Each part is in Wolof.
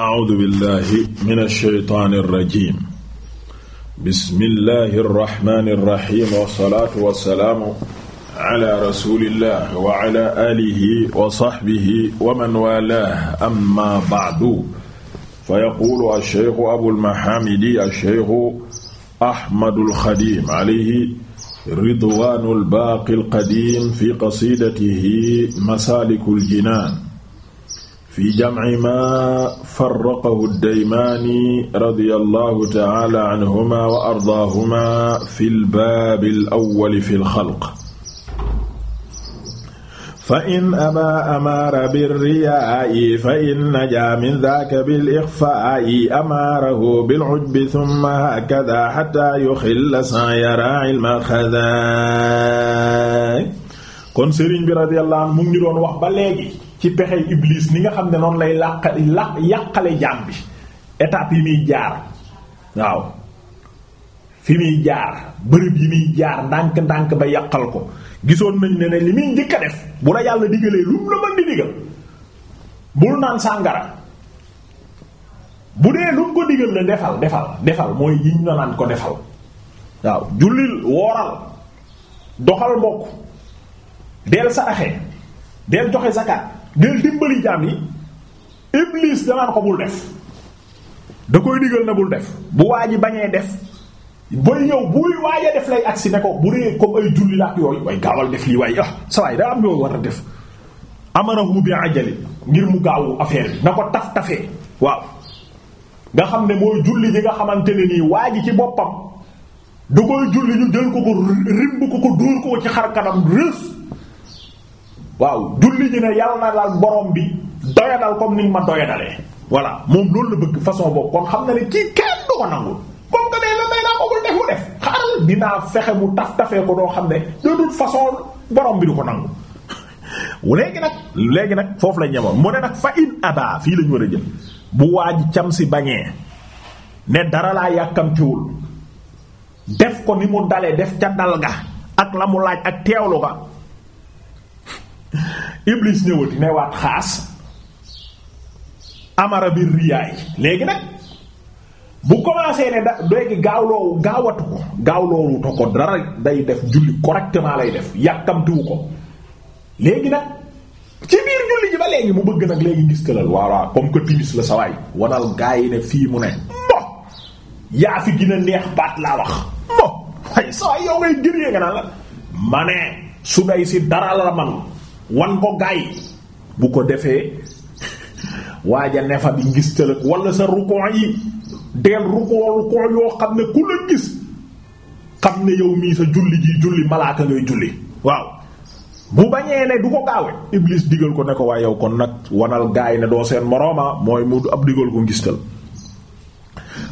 a'uudu billahi mina shaytaani rajiim bismillahi rahmaani rahiim wa salaatu wa salaamu ala rasulillah wa ala aalihi wa sahbihi wa man waalaahu amma ba'du fa yaquulu ash-shaykhu abul mahaamidi ash-shaykhu ahmadul xadiim alayhi ridwaanul baaqil qadiim fi qasiidatihi masaalikul jinaan fi jamci ma farraqahu daymaani radiyallahu ta'ala anhuma wa ardaahuma fil baabil awwal fil xalq. fa in abaa amaara birriyaa'i fa in najaa min daaka bil ixfaa'i amaarahu bil ujbi summa hakadaa xattaa yuxilla san yaraa'i al-maxadaa. kon Serigne bi radiyallahu anhu mu ngi doon wax ba léegi. ci pexey iblis ni nga xam ne noonu lay làq la yàqale jaam bi étape yi muy jaar waaw fi muy jaar bërëb yi muy jaar ndànk-ndànk ba yàqal ko gisoon nañ ne ne li muy njëkk def bu yàlla digalee lu mu la mën naan sàngara bu dee lu mu ko digal la defal defal defal mooy yi yiñ na naan ko defal waaw jullil wooral doxal mbokk del saraxe del joxe zakat del dimbali jaam yi iblis danaan ko bul def da koy digal na bul def bu waa ji bañee def bay ñëw buy waaja def lay agsi ne ko bu dee comme ay julli la ak yooyu way gaawal def lii waaye ah sa waay daa am yooyu war a def amarahu bi ajali ngir mu gaawu affaire bi na ko taf tafee waaw nga xam ne mooy julli ñi nga xamante ne nii waa ci boppam da koy julli ñu jël ko ko rimb ko ko dóor ko ci xar kanam waaw julli ji ne yàlla na daal borom bi doyadal comme ni ma doyadalee voilà moom loolu la bëgg façon boobu kon xam na ne kii kenn du ko nangul comme ko def mu def fexe mu taf tafee ko doo xam ne de toute façon bi du ko léegi nag léegi nag foofu la ñu ñemoon ne nag fa in aba fii la ñu war a jël bu waaj cam si bañee ne dara laa yàkkamtiwul def ko ni mu dalee def ca dal ga ak la mu laaj ak teewlu ga. Iblis ñëwati ne waat xaas amara bi riyaay léegi nag bu commencé ne da léegi gaawloowu gaawatu ko gaawloowu to ko dara day def julli correctement lay def yàkkamtiwu ko léegi nag ci biir julli ji ba léegi mu bëgg nag léegi gis këlal waawaa comme que timis la sawaay wanal gaa ne fii mu ne mo yaa fi gën neex baat laa wax mo waaye sawaay yow ngay jëree nga naan la ma su day si dara la man wan ko gaay bu ko defee waaja nefa bi ngis tëlëg wala sa rukoo yi deel rukoo rukoo yoo xam ne ku la gis xam ne yow mii sa julli ji julli malaaka ngay julli waaw bu bañee ne du ko gaawe iblis digal ko ne ko waaye yow kon nag wanal gaay ne doo seen morooma mooy mu ab digal ko ngistal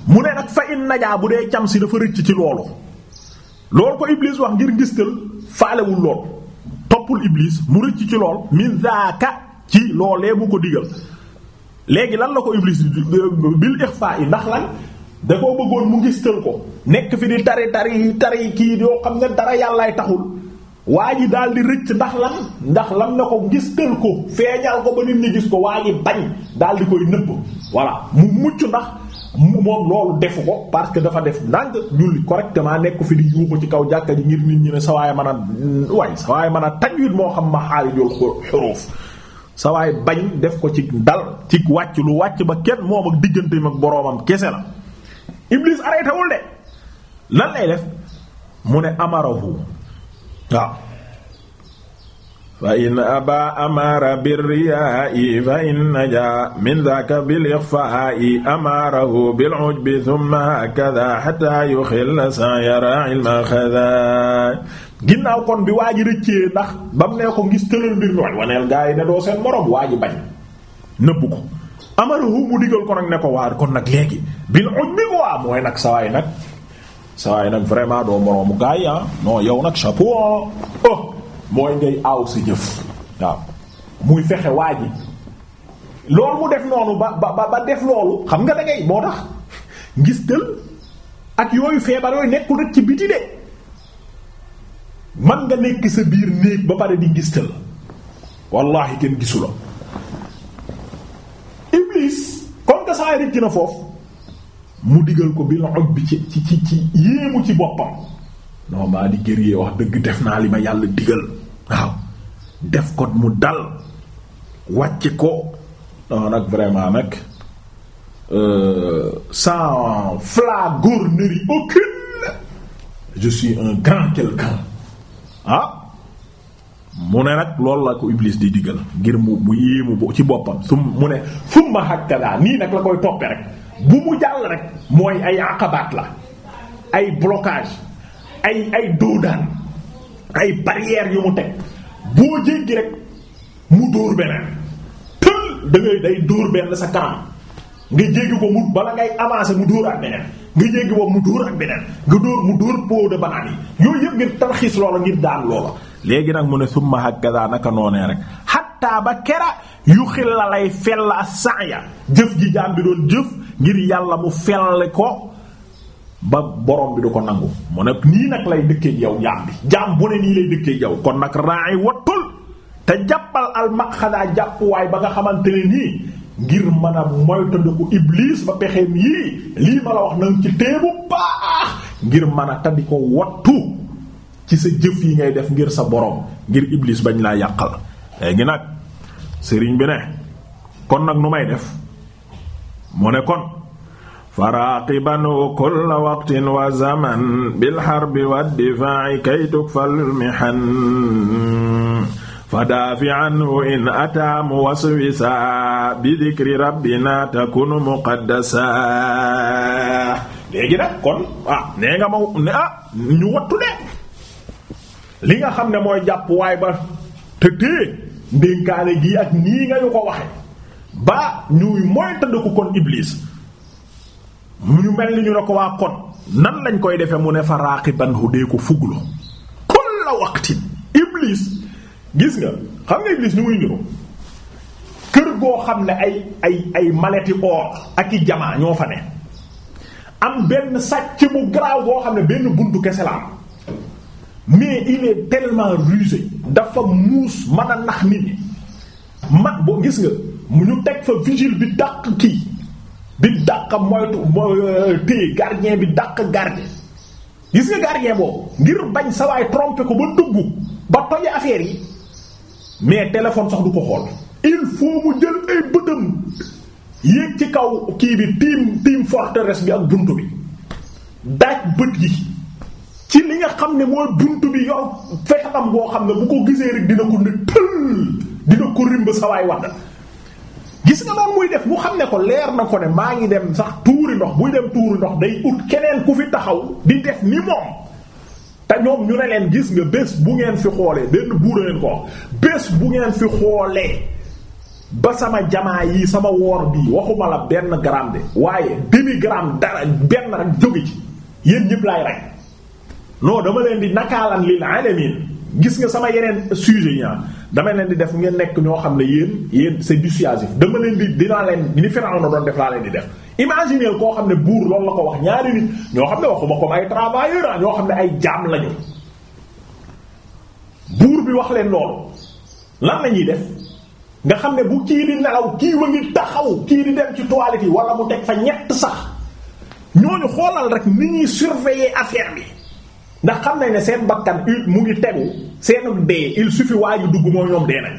mu ne nag fa in najaa bu dee cam si dafa rëcc ci loolu loolu ko iblis wax ngir ngistal faalewul lool toppul iblis mu rëcc ci lool min zaaka ci loolee bu ko digal léegi lan la ko iblis bil ixfa yi ndax lan da koo bëggoon mu gis tël ko nekk fi di tari tari tari kii yoo xam ne dara yàllaay taxul waa ji daal di rëcc ndax lan ndax lan na ko gis tël ko feeñal ko ba nit ñi gis ko waa ji bañ daal di koy nëbb voilà mu mucc ndax mu moom loolu defu ko parce que dafa def ndànk julli correctement nekk fi di yuuxu ci kaw jàkka ji ngir nit ñi ne sa man mën a waay sa waay mën a tajwid moo xam ma xaarijul xuruuf sa bañ def ko ci dal ci wàcc lu wàcc ba kenn moom ak digganteem ak boroomam kese la Iblis arrêté de lan lay def mu ne amarahu waaw fa in aba amaara birriyaa'i fa in najaa min daaka bil ixfaa'i amaarahu bil ujbi thumma hakada hatta yuxilla sa yara ilma xada ginnaaw kon bi waa ji rëccee ndax bam nee ko ngis tëral mbir mi waay waneel gaa yi ne doo seen moroom waa ji bañ nëbbu ko amaarahu mu digal ko nag ne ko waar kon nag léegi bil ujbi ko waa mooy nag sawaay nag sawaay nag vraiment doo moroomu gaa yi ah non yow nag chapeau oh mooy ngay aw sa jëf waaw muy fexe waa loolu mu def noonu ba ba ba def loolu xam nga da ngay moo tax ngis tël ak yooyu feebar yooyu nekkul rek ci biti de man nga nekk sa biir néeg ba pare di ngis tël wallahi kenn gisu la iblis comme que saa rëcc na foofu mu digal ko bi la bi ci ci ci ci yéemu ci boppam non maa di gërëyee wax dëgg def naa li ma yàlla digal waaw def ko mu dal wàcc ko non nag vraiment nag euh, sans flagornerie aucune je suis un grand quelqu'un ah mu ne nag loolu la ko Iblis di diggal ngir mu mu yéemu ci boppam su mu ne summa hakada nii nag la koy toppe rek bu mu jàll rek mooy ay aqabaat la ay blocage ay ay doodaan ay barrières yu mu teg boo jéggi rek mu dóor beneen tël da day dóor benn sa kanam nga jéggi ko mu bala ngay avancer mu dóor ak beneen nga jéggi ko mu dóor ak beneen nga dóor mu dóor pot de banane yi yooyu yëpp ngir tarxiis loola ngir daan loola léegi nag mu ne summa hakaza naka noonee rek xattaa ba kera yu xil la lay fell a saaya jëf ji jaam bi doon jëf ngir yàlla mu fell ko ba borom bi du ko nangu mu ne nii nag lay dëkkee yow jaam bi jaam bu ne nii lay dëkkee yow kon nag raay wattul te jàppal almaxadaa jàppuwaay ba nga xamante ne nii ngir mën a moytandiku iblis ba pexeem yii lii ma la wax nang ci teebu baax ngir mën a tandi ko wattu ci sa jëf yi ngay def ngir sa boroom ngir iblis bañ laa yàqal léegi nag sëriñ bi ne kon nag nu may def mu ne kon faraaqiban kulla waqtin wa zaman bil harbi waddifaa'i kay tukfal mihan fadaafi anhu in ataa muwaswisa bi dikri rabbina takunu muqaddasa léegi nag kon ah, nee nga ma ne ah ñu wattu de li nga xam ne mooy jàpp waay ba te tee ndénkaane gi ak nii nga ñu ko waxe ba ñuy moytandiku kon iblis mu ñu mel ni ñu ne ko waa kon nan lañ koy defee mu ne fa raqiban hu dee ko fuglu kulla waqtin iblis gis nga xam nga iblis ni muy ñëw kër goo xam ne ay ay ay maleti or ak i jamaa ñoo fa ne am benn sàcc bu garaaw boo xam ne benn buntu kese la am mais il est tellement rusé dafa muus mën a nax nit ñi man boo gis nga mu ñu teg fa vigile bi dàq kii bi dàq moytu mooy euh, téye gardien bi dàq gardien gis nga gardien boobu ngir bañ sawaay waay ko ba dugg ba toje affaire yi mais téléphone sax du ko xool il faut mu jël ay bëtam yéeg ci kaw kii bi tiim tiim forteresse bi ak bunt bi daaj bët yi ci li nga xam ne mooy bunt bi yor fexam boo xam ne bu ko gisee rek dina ko ne tëll dina ko rimb sa waay gis nga loolu muy def mu xam ne ko leer na ko ne maa ngi dem sax tuuri ndox buy dem tuuri ndox day ut keneen ku fi taxaw di def ni moom te ñoom ñu ne leen gis nga bés bu ngeen fi xoolee benn buur leen ko bés bu ngeen fi xoolee ba sama jamaa yi sama woor bi waxuma la benn gramme de waaye demi gramme dara benn rek jóge ci yéen ñëpp rek rey dama leen di nakaalan lil alamin gis nga sama yeneen sujet yi ah. dama leen di def ngeen nekk ñoo xam ne yéen yéen c'est dissuasif dama leen di dinaa leen ni Firawna doon def laa leen di def imaginer koo xam ne buur loolu la ko ñaari nit ñoo xam ne waxuma comme ay travailleurs a ah, ñoo xam ne ay jaam lañu buur bi wax leen loolu lan la ñuy def nga xam ne bu kii di nelaw kii wa ngi taxaw kii di dem ci toilette yi wala mu teg fa ñett sax ñooñu xoolal rek ni ñuy surveiller affaire bi ndax xam nañ ne seen bakkan mu ngi tegu seen dee il suffit waa ji dugg mooy ñoom dee nañ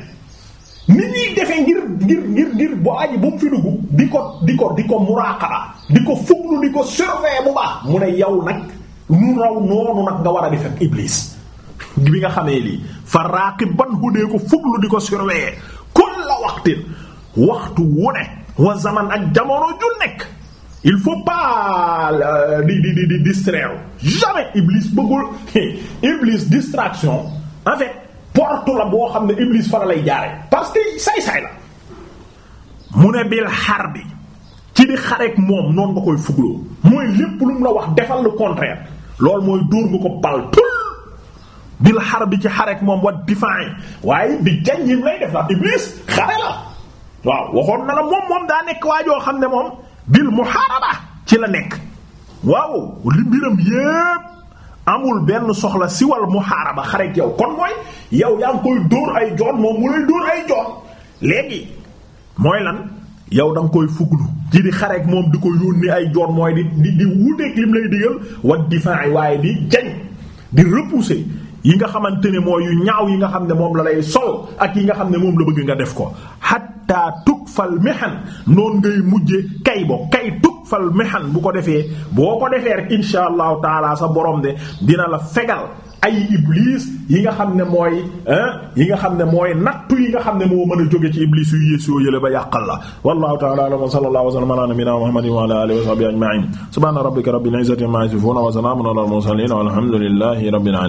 ni ñuy defee ngir ngir ngir ngir bu aji fi dugg di ko di ko di ko muraqaba di ko fuglu di ko surveiller bu baax mu ne yow nag nu raw noonu nag nga war a def ak iblis bi nga xamee lii fa raqiban hudee ko fuglu di ko surveiller kulla waqtin waxtu wu ne wa zaman ak jamono ju nekk il faut pas di di di di distraire jamais Iblis bëggul Iblis distraction en fait porte la boo xam ne Iblis fa lay jaare parce que say-say la mu ne bil xar bi ci di xareek moom noonu nga koy fugloo mooy lépp lu mu la wax defal le contraire lool mooy dóor nga ko bal tul bil xar bi ci xareek moom wa difa'i waaye bi jañ yim lay def la Iblis xare la waaw waxoon na la moom moom daa nekk waajoo xam ne moom bil muharaba ci la nekk waaw li mbiram yépp amul benn soxla siwal ba xareeg yow kon mooy yow yaa ngi koy dóor ay joon moom mu lay dóor ay joon mooy lan yow da koy fuglu ci di xareeg moom di ko yónni ay joon mooy di di di wuteeg lim lay digal wat difaa waaye di jañ di repousser yi nga xamante ne mooy yu ñaaw yi nga xam ne moom la lay sol ak yi nga xam ne moom la bëgg nga def ko hatta fal mihan noon ngay mujje kay bo kay tuk fal mehan bu ko defee boo ko defee rek insha allahu taala sa borom de dina la fegal ay iblis yi nga xam ne mooy yi nga xam ne mooy nattu yi nga xam ne moo mën a jóge ci iblis yu yées yoo yële ba yàqal la wallahu ta'ala a'lam wa sallallahu wa sallama ala nabiyyina muhammadin wa ala alihi wa sahbihi ajma'in subhana rabbika rabbil izzati amma yasifun wa salamun ala al mursalin walhamdulillahi rabbil alamin